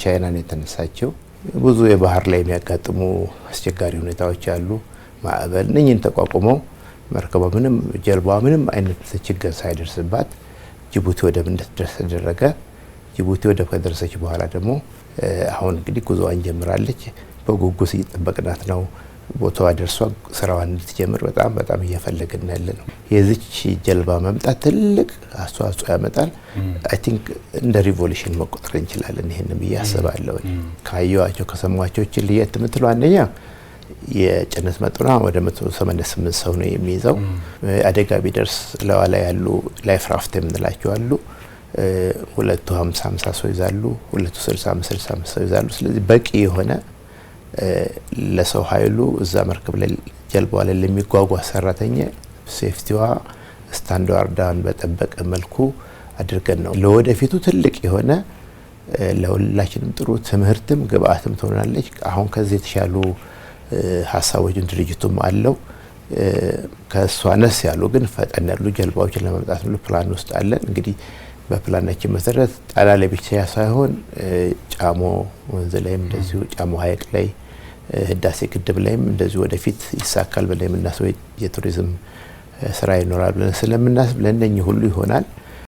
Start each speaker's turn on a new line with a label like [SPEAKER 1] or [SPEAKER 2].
[SPEAKER 1] ከቻይና ነው የተነሳቸው። ብዙ የባህር ላይ የሚያጋጥሙ አስቸጋሪ ሁኔታዎች አሉ። ማዕበል እነኝን ተቋቁመው መርከቧ ምንም ጀልባዋ ምንም አይነት ችግር ሳይደርስባት ጅቡቲ ወደብ እንድትደርስ ተደረገ። ጅቡቲ ወደብ ከደረሰች በኋላ ደግሞ አሁን እንግዲህ ጉዞዋን ጀምራለች። በጉጉስ እየጠበቅናት ነው። ቦታዋ ደርሷ ስራዋን እንድትጀምር በጣም በጣም እየፈለግን ያለ ነው። የዚች ጀልባ መምጣት ትልቅ አስተዋጽኦ ያመጣል። አይ ቲንክ እንደ ሪቮሉሽን መቆጠር እንችላለን። ይህን ብዬ አስባለሁ። ካየኋቸው ከሰማኋቸው ልየት አንደኛ የጭነት መጠኗ ወደ 188 ሰው ነው የሚይዘው። አደጋ ቢደርስ ለዋ ያሉ ላይፍ ራፍት የምንላቸው አሉ። ሁለቱ 50 50 ሰው ይዛሉ፣ ሁለቱ 60 ሰው ይዛሉ። ስለዚህ በቂ የሆነ ለሰው ኃይሉ እዛ መርከብ ላይ ጀልባ ላይ ለሚጓጓ ሰራተኛ ሴፍቲዋ ስታንዳርዳን በጠበቀ መልኩ አድርገን ነው። ለወደፊቱ ትልቅ የሆነ ለሁላችንም ጥሩ ትምህርትም ግብአትም ትሆናለች። አሁን ከዚህ የተሻሉ ሀሳቦችን ድርጅቱም አለው። ከእሷ ነስ ያሉ ግን ፈጠን ያሉ ጀልባዎችን ለመምጣት ሁሉ ፕላን ውስጥ አለን። እንግዲህ በፕላናችን መሰረት ጣና ላይ ብቻ ሳይሆን ጫሞ ወንዝ ላይም እንደዚሁ ጫሞ ሀይቅ ላይ ህዳሴ ግድብ ላይም እንደዚሁ ወደፊት ይሳካል ብለን የምናስበው የቱሪዝም ስራ ይኖራል ብለን ስለምናስብ ለእነኚህ ሁሉ ይሆናል።